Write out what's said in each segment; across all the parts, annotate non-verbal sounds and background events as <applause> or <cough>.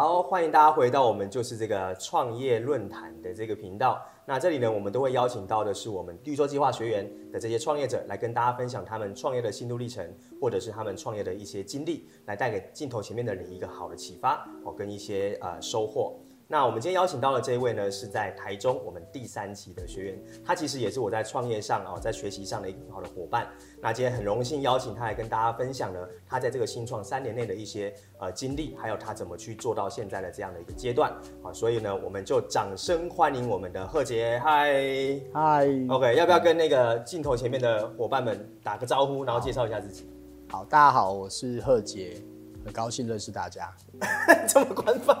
好，歡迎大家回到我們就是這個創業論壇的這個頻道。那這裡呢，我們都會邀請到的是我們綠洲計劃學員的這些創業者，來跟大家分享他們創業的心路歷程，或者是他們創業的一些經歷，來帶給鏡頭前面的你一個好的啟發好、哦、跟一些呃收穫。那我們今天邀請到的這一位呢，是在台中我們第三期的學員，他其實也是我在創業上、喔、在學習上的一個很好的夥伴。那今天很榮幸邀請他來跟大家分享呢，他在這個新創三年內的一些呃經歷，還有他怎麼去做到現在的這樣的一個階段好、喔，所以呢，我們就掌聲歡迎我們的賀捷，嗨嗨 Hi，OK，要不要跟那個鏡頭前面的夥伴們打個招呼，然後介紹一下自己好？好，大家好，我是賀捷。很高興認識大家， <laughs> 這麼官方。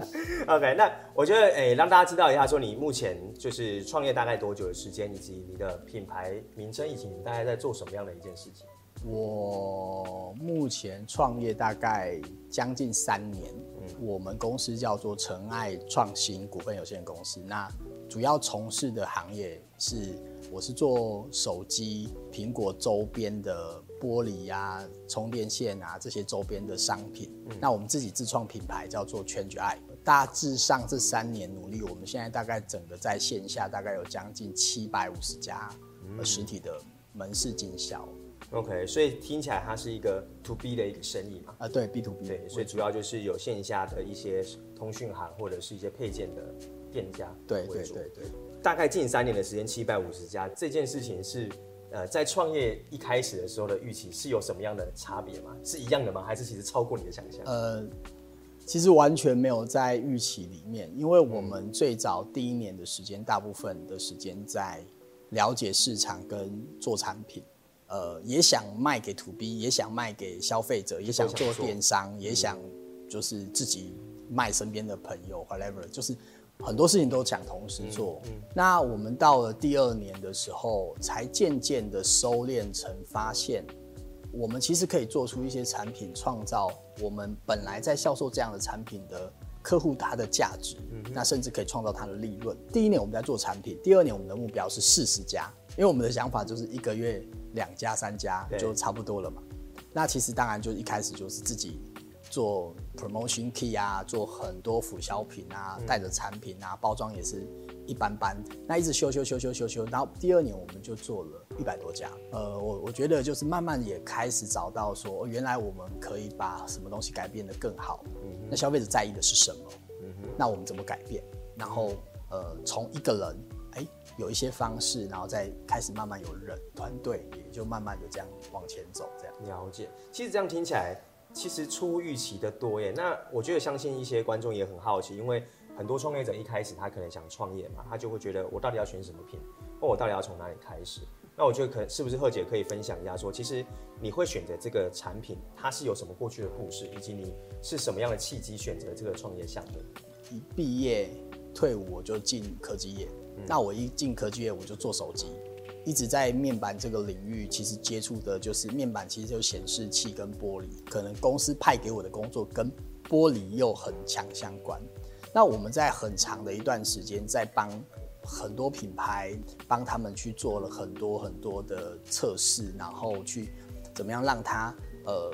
<laughs> OK，那我覺得誒、欸，讓大家知道一下，說你目前就是創業大概多久的時間，以及你的品牌名稱，以及你大概在做什麼樣的一件事情？我目前創業大概將近三年，嗯，我們公司叫做塵愛創新股份有限公司，那主要從事的行業是，我是做手機蘋果周邊的。玻璃啊，充電線啊，這些周邊的商品，嗯、那我們自己自創品牌叫做 CHANGEi。大致上這三年努力，我們現在大概整個在線下大概有將近七百五十家實體的門市經銷、嗯。OK，所以聽起來它是一個 To B 的一個生意嘛？啊，對，B To B。對，所以主要就是有線下的一些通訊行或者是一些配件的店家為主。對對對對，大概近三年的時間七百五十家，這件事情是。呃，在創業一開始的時候的預期是有什麼樣的差別嗎？是一樣的嗎？還是其實超過你的想象？呃，其實完全沒有在預期裡面，因為我們最早第一年的時間，大部分的時間在了解市場跟做產品，呃，也想賣給 2B，也想賣給消費者，也想做電商，想也想就是自己賣身邊的朋友、嗯、，whatever，就是。很多事情都想同時做，嗯嗯、那我們到了第二年的時候，才漸漸的收斂成發現，我們其實可以做出一些產品，創造我們本來在銷售這樣的產品的客戶他的價值，嗯嗯、那甚至可以創造他的利潤。第一年我們在做產品，第二年我們的目標是四十家，因為我們的想法就是一個月兩家三家就差不多了嘛。對那其實當然就一開始就是自己。做 promotion key 啊，做很多輔銷品啊，帶着、嗯、產品啊，包裝也是一般般。那一直修修修修修修，然後第二年我們就做了一百多家。呃，我我覺得就是慢慢也開始找到說，哦、原來我們可以把什麼東西改變得更好。嗯、哼那消費者在意的是什麼？嗯、哼那我們怎麼改變？然後呃，從一個人，哎，有一些方式，然後再開始慢慢有人，團隊也就慢慢的這樣往前走，這樣。了解。其實這樣聽起來。其實出預期的多耶，那我覺得相信一些觀眾也很好奇，因為很多創業者一開始他可能想創業嘛，他就會覺得我到底要選什麼品，或、哦、我到底要從哪裡開始？那我覺得可是不是賀捷可以分享一下說，說其實你會選擇這個產品，它是有什麼過去的故事，以及你是什麼樣的契機選擇這個創業項目？一畢業退伍我就進科技業，嗯、那我一進科技業我就做手機。一直在面板這個領域，其實接觸的就是面板，其實就顯示器跟玻璃。可能公司派給我的工作跟玻璃又很強相關。那我們在很長的一段時間，在幫很多品牌幫他們去做了很多很多的測試，然後去怎麼樣讓它呃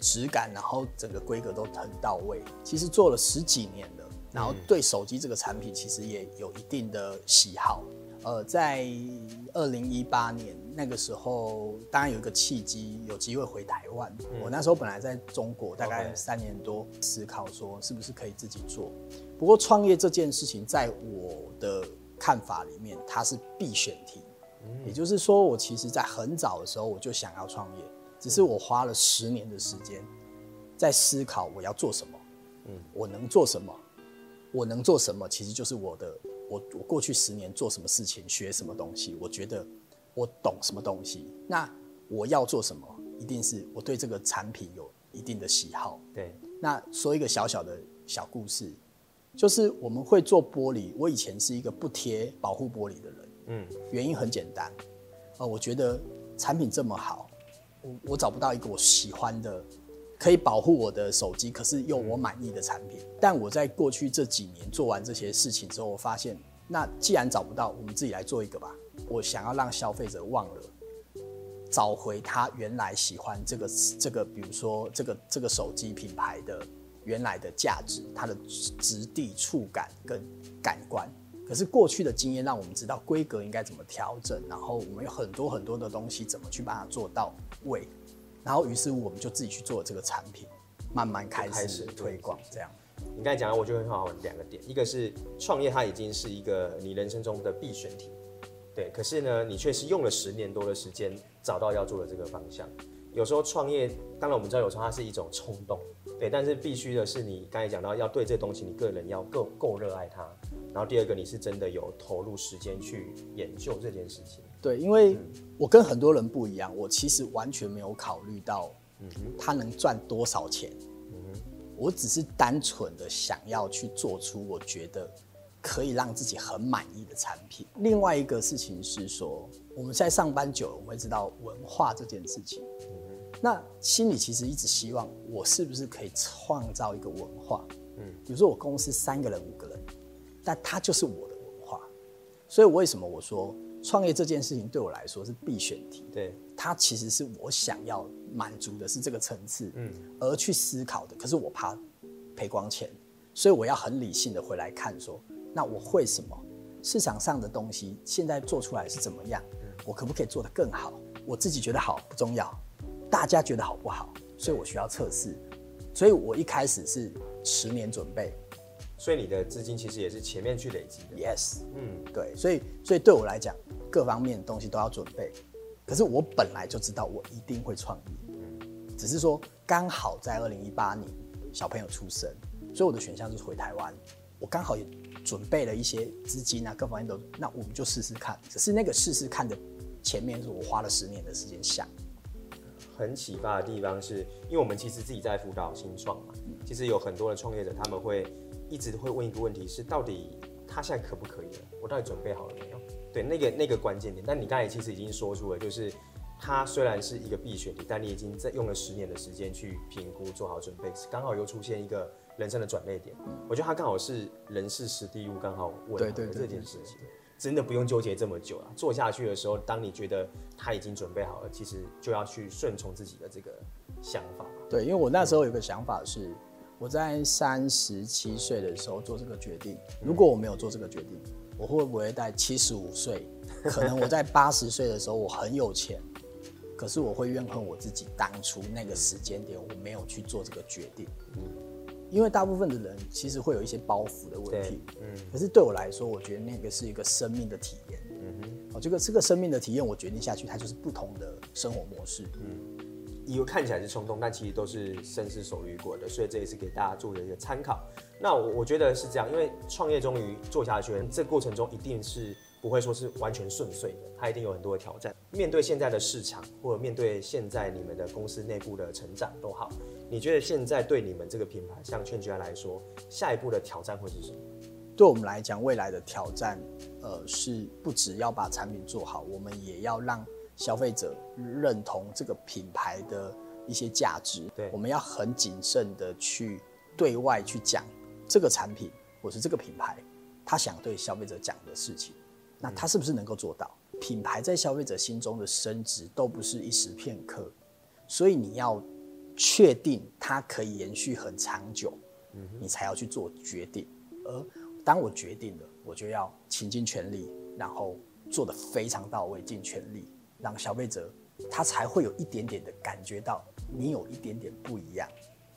質感，然後整個規格都很到位。其實做了十幾年了，然後對手機這個產品其實也有一定的喜好。呃，在二零一八年那個時候，當然有一個契機，有機會回台灣。嗯、我那時候本來在中國，大概三年多，Okay. 思考說是不是可以自己做。不過創業這件事情，在我的看法裡面，它是必選題。嗯、也就是說，我其實在很早的時候我就想要創業，只是我花了十年的時間在思考我要做什麼，嗯，我能做什麼，我能做什麼，其實就是我的。我我過去十年做什麼事情，學什麼東西，我覺得我懂什麼東西。那我要做什麼？一定是我對這個產品有一定的喜好。對，那說一個小小的小故事，就是我們會做玻璃。我以前是一個不貼保護玻璃的人，嗯，原因很簡單，呃，我覺得產品這麼好，我我找不到一個我喜歡的。可以保護我的手機，可是用我滿意的產品。但我在過去這幾年做完這些事情之後，我發現，那既然找不到，我們自己來做一個吧。我想要讓消費者忘了找回他原來喜歡這個這個，比如說這個這個手機品牌的原來的價值，它的質地、觸感跟感官。可是過去的經驗讓我們知道規格應該怎麼調整，然後我們有很多很多的東西怎麼去把它做到位。然後，於是乎，我們就自己去做這個產品，慢慢開始推廣。這樣，你剛才講的，我覺得很好，兩個點，一個是創業，它已經是一個你人生中的必選題，對。可是呢，你卻是用了十年多的時間找到要做的這個方向。有時候創業，當然我們知道，有時候它是一種衝動，對。但是必須的是，你剛才講到，要對這東西，你個人要夠夠熱愛它。然後第二個，你是真的有投入時間去研究這件事情。對，因為我跟很多人不一樣，我其實完全沒有考慮到，他能賺多少錢。嗯，我只是單純的想要去做出我覺得可以讓自己很滿意的產品。另外一個事情是說，我們在上班久了，我會知道文化這件事情。嗯，那心裡其實一直希望，我是不是可以創造一個文化？嗯，比如說我公司三個人、五個人，但他就是我的文化。所以為什麼我說？創業這件事情對我來說是必選題，對，它其實是我想要滿足的是這個層次，嗯，而去思考的。嗯、可是我怕賠光錢，所以我要很理性的回來看說，那我會什麼？市場上的東西現在做出來是怎麼樣？我可不可以做得更好？我自己覺得好不重要，大家覺得好不好？所以我需要測試，所以我一開始是十年準備。所以你的資金其實也是前面去累積的。Yes，嗯，對，所以所以對我來講，各方面的東西都要準備。可是我本來就知道我一定會創業，嗯、只是說剛好在二零一八年小朋友出生，所以我的選項就是回台灣。我剛好也準備了一些資金啊，各方面都，那我們就試試看。只是那個試試看的前面，是我花了十年的時間想。很啟發的地方是，因為我們其實自己在輔導新創嘛，嗯、其實有很多的創業者他們會。一直都會問一個問題是，到底他現在可不可以了？我到底準備好了沒有？對，那個那個關鍵點。但你剛才其實已經說出了，就是他雖然是一個必選題，但你已經在用了十年的時間去評估、做好準備，剛好又出現一個人生的轉捩點。嗯、我覺得他剛好是人事時地物剛好吻合這件事情，對對對對，真的不用糾結這麼久了。做下去的時候，當你覺得他已經準備好了，其實就要去順從自己的這個想法。對，因為我那時候有個想法是。我在三十七歲的時候做這個決定。如果我沒有做這個決定，我會不會在七十五歲？可能我在八十歲的時候，我很有錢，可是我會怨恨我自己當初那個時間點我沒有去做這個決定。嗯，因為大部分的人其實會有一些包袱的問題。嗯，可是對我來說，我覺得那個是一個生命的體驗。嗯，我這個這個生命的體驗，我決定下去，它就是不同的生活模式。嗯。因為看起來是衝動，但其實都是深思熟慮過的，所以這也是給大家做了一個參考。那我我覺得是這樣，因為創業終於做下去，這過程中一定是不會說是完全順遂的，它一定有很多的挑戰。面對現在的市場，或者面對現在你們的公司內部的成長，都好，你覺得現在對你們這個品牌，像 CHANGEi 來說，下一步的挑戰會是什麼？對我們來講，未來的挑戰，呃，是不只要把產品做好，我們也要讓。消費者認同這個品牌的一些價值，對，我們要很謹慎的去對外去講這個產品或是這個品牌，他想對消費者講的事情，那他是不是能夠做到？嗯、品牌在消費者心中的升值，都不是一時片刻，所以你要確定它可以延續很長久，嗯、哼你才要去做決定。而當我決定了，我就要傾盡全力，然後做得非常到位，盡全力。讓消費者，他才會有一點點的感覺到你有一點點不一樣。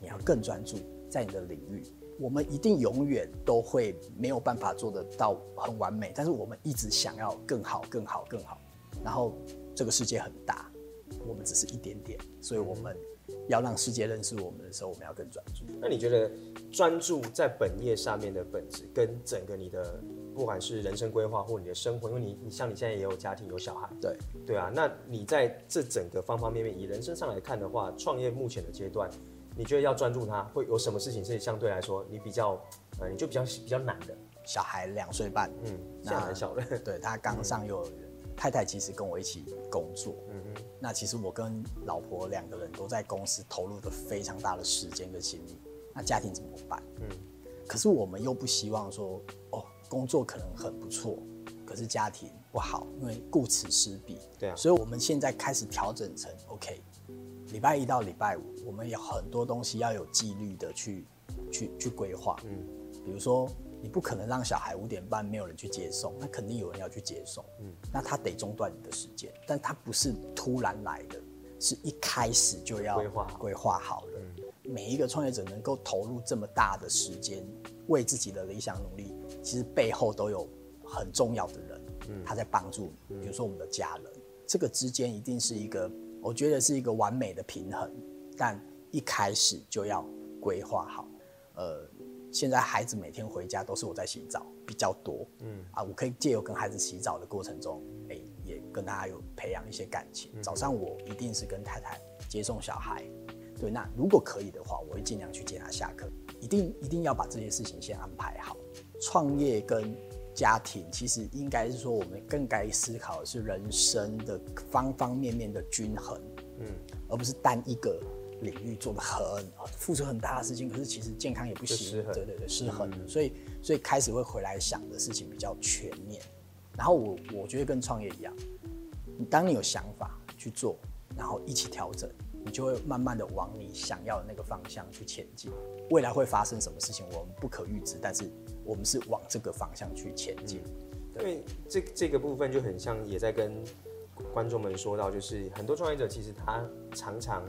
你要更專注在你的領域。我們一定永遠都會沒有辦法做得到很完美，但是我們一直想要更好、更好、更好。然後這個世界很大，我們只是一點點，所以我們要讓世界認識我們的時候，我們要更專注。那你覺得專注在本業上面的本質跟整個你的...不管是人生規劃或你的生活，因為你你像你現在也有家庭有小孩，對對啊，那你在這整個方方面面，以人生上來看的話，創業目前的階段，你覺得要專注它會有什麼事情是相對來說你比較呃你就比較比較難的？小孩兩歲半，嗯，小孩小的，對，他剛上幼兒園。嗯、太太其實跟我一起工作，嗯嗯哼，那其實我跟老婆兩個人都在公司投入的非常大的時間跟精力，那家庭怎麼辦？嗯，可是我們又不希望說哦。工作可能很不錯，可是家庭不好，因為顧此失彼。對啊，所以我們現在開始調整成 OK。禮拜一到禮拜五，我們有很多東西要有紀律的去、去、去規劃。嗯，比如說，你不可能讓小孩五點半沒有人去接送，那肯定有人要去接送。嗯，那他得中斷你的時間，但他不是突然來的，是一開始就要規劃規劃好了。每一個創業者能夠投入這麼大的時間為自己的理想努力，其實背後都有很重要的人，他在幫助你。比如說我們的家人，這個之間一定是一個，我覺得是一個完美的平衡。但一開始就要規劃好。呃，現在孩子每天回家都是我在洗澡比較多，嗯，啊，我可以借由跟孩子洗澡的過程中，哎、欸，也跟大家有培養一些感情。早上我一定是跟太太接送小孩。對，那如果可以的話，我會盡量去接他下課，一定一定要把這些事情先安排好。創業跟家庭，其實應該是說我們更該思考的是人生的方方面面的均衡，嗯，而不是單一個領域做的很啊，付出很大的事情，可是其實健康也不行。對對對，失衡。嗯，所以所以開始會回來想的事情比較全面。然後我我覺得跟創業一樣，你當你有想法去做，然後一起調整。你就會慢慢的往你想要的那個方向去前進。未來會發生什麼事情，我們不可預知，但是我們是往這個方向去前進。對。因為這這個部分就很像也在跟觀眾們說到，就是很多創業者其實他常常，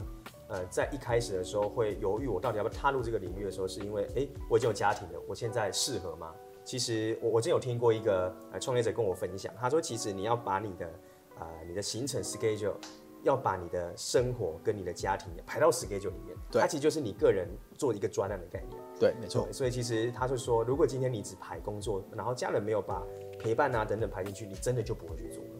呃，在一開始的時候會猶豫，我到底要不要踏入這個領域的時候，是因為，哎、欸，我已經有家庭了，我現在適合嗎？其實我我真有聽過一個創業者跟我分享，他說，其實你要把你的，呃，你的行程 schedule。要把你的生活跟你的家庭也排到 schedule 裡面，對，它其實就是你個人做一個專案的概念，對，沒錯。所以其實他就說，如果今天你只排工作，然後家人沒有把陪伴啊等等排進去，你真的就不會去做了。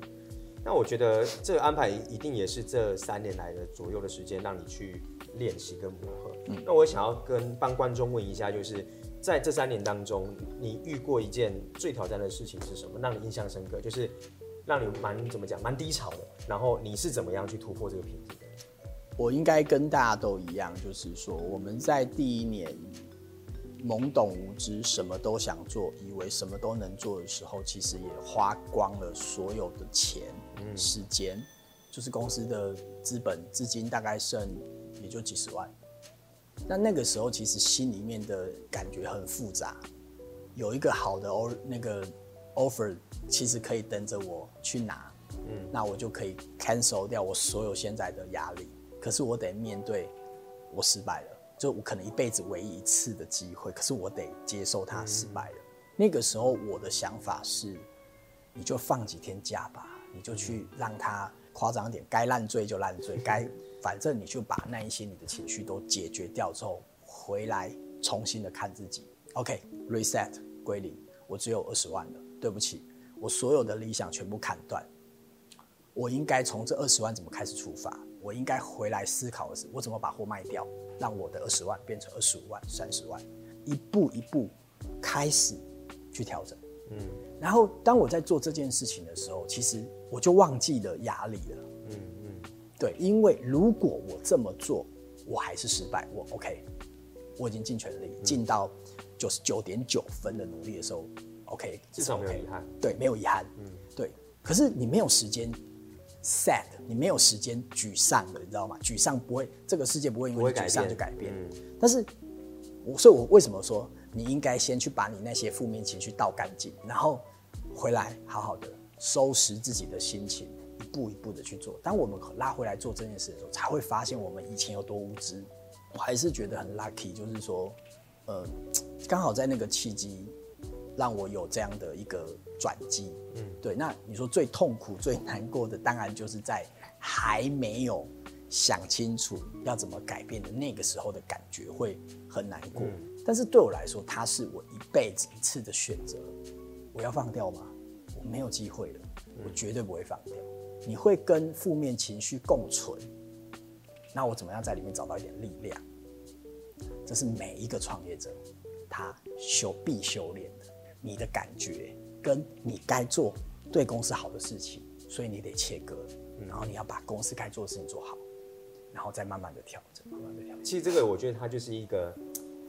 那我覺得這個安排一定也是這三年來的左右的時間，讓你去練習跟磨合。嗯，那我想要跟幫觀眾問一下，就是在這三年當中，你遇過一件最挑戰的事情是什麼？讓你印象深刻？就是。讓你蠻怎麼講，蠻低潮的。然後你是怎麼樣去突破這個瓶頸的？我應該跟大家都一樣，就是說我們在第一年懵懂無知，什麼都想做，以為什麼都能做的時候，其實也花光了所有的錢、嗯、時間，就是公司的資本資金大概剩也就幾十萬。那那個時候其實心裡面的感覺很複雜，有一個好的哦，那個。Offer 其實可以等着我去拿，嗯，那我就可以 cancel 掉我所有現在的壓力。可是我得面對，我失敗了，就我可能一輩子唯一一次的機會。可是我得接受它失敗了。嗯，那個時候我的想法是，你就放幾天假吧，你就去讓他誇張點，該爛醉就爛醉，該反正你就把那一些你的情緒都解決掉之後，回來重新的看自己。OK，reset、okay, 歸零，我只有二十萬了。對不起，我所有的理想全部砍斷。我應該從這二十萬怎麼開始出發？我應該回來思考的是，我怎麼把貨賣掉，讓我的二十萬變成二十五萬、三十萬，一步一步開始去調整。嗯，然後當我在做這件事情的時候，其實我就忘記了壓力了。嗯嗯，嗯對，因為如果我這麼做，我還是失敗，我 OK，我已經盡全力，盡、嗯、到九十九點九分的努力的時候。OK，這、okay, 至少沒有遺憾。對，沒有遺憾。嗯、對。可是你沒有時間 sad，你沒有時間沮喪的，你知道嗎？沮喪不會，這個世界不會因為沮喪就改變。改變，嗯、但是，我所以，我為什麼說你應該先去把你那些負面情緒倒乾淨，然後回來好好的收拾自己的心情，一步一步的去做。當我們拉回來做這件事的時候，才會發現我們以前有多無知。我還是覺得很 lucky，就是說，呃、剛好在那個契機，讓我有這樣的一個轉機，嗯，對。那你說最痛苦、最難過的，當然就是在還沒有想清楚要怎麼改變的那個時候的感覺會很難過。嗯，但是對我來說，它是我一輩子一次的選擇。我要放掉嗎？我沒有機會了，嗯，我絕對不會放掉。你會跟負面情緒共存，那我怎麼樣在裡面找到一點力量？這是每一個創業者他修必修煉的。你的感覺跟你該做對公司好的事情，所以你得切割，然後你要把公司該做的事情做好，然後再慢慢的調整，慢慢的調整。其實這個我覺得它就是一個，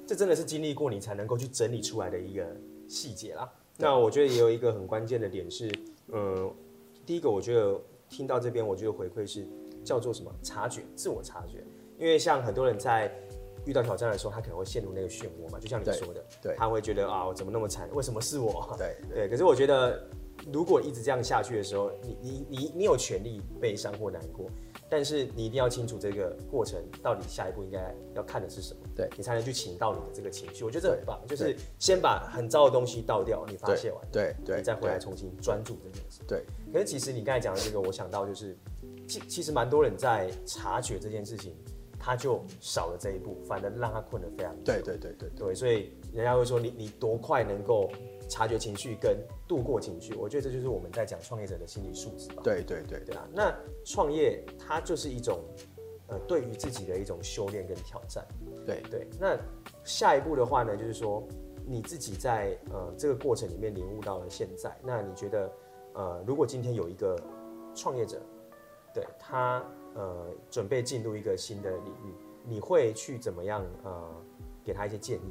這真的是經歷過你才能夠去整理出來的一個細節啦。嗯、那我覺得也有一個很關鍵的點是，嗯，第一個我覺得聽到這邊，我覺得回饋是叫做什麼？察覺，自我察覺。因為像很多人在。遇到挑戰的時候，他可能會陷入那個漩渦嘛，就像你說的，對，對他會覺得啊，我怎麼那麼慘？為什麼是我？對對。對對可是我覺得，對如果一直這樣下去的時候，你你你你有權利悲傷或難過，但是你一定要清楚這個過程到底下一步應該要看的是什麼，對你才能去請到你的這個情緒。我覺得這很棒，對就是先把很糟的東西倒掉，你發洩完，對對，對你再回來重新專注這件事。對。對對可是其實你剛才講的這個，我想到就是，其其實蠻多人在察覺這件事情。他就少了這一步，反正讓他困得非常。對對對對對，對，對，所以人家會說你你多快能夠察覺情緒跟度過情緒，我覺得這就是我們在講創業者的心理素質吧。對對對對，對，對，對、啊、那創業它就是一種呃對於自己的一種修煉跟挑戰。對對，那下一步的話呢，就是說你自己在呃這個過程裡面領悟到了現在，那你覺得呃如果今天有一個創業者，對他。呃，準備進入一個新的領域，你會去怎麼樣？呃，給他一些建議。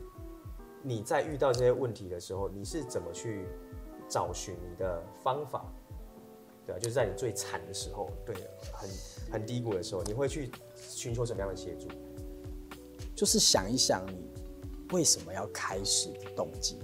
你在遇到這些問題的時候，你是怎麼去找尋你的方法？對，就是在你最慘的時候，對，很很低谷的時候，你會去尋求什麼樣的協助？就是想一想你為什麼要開始動機。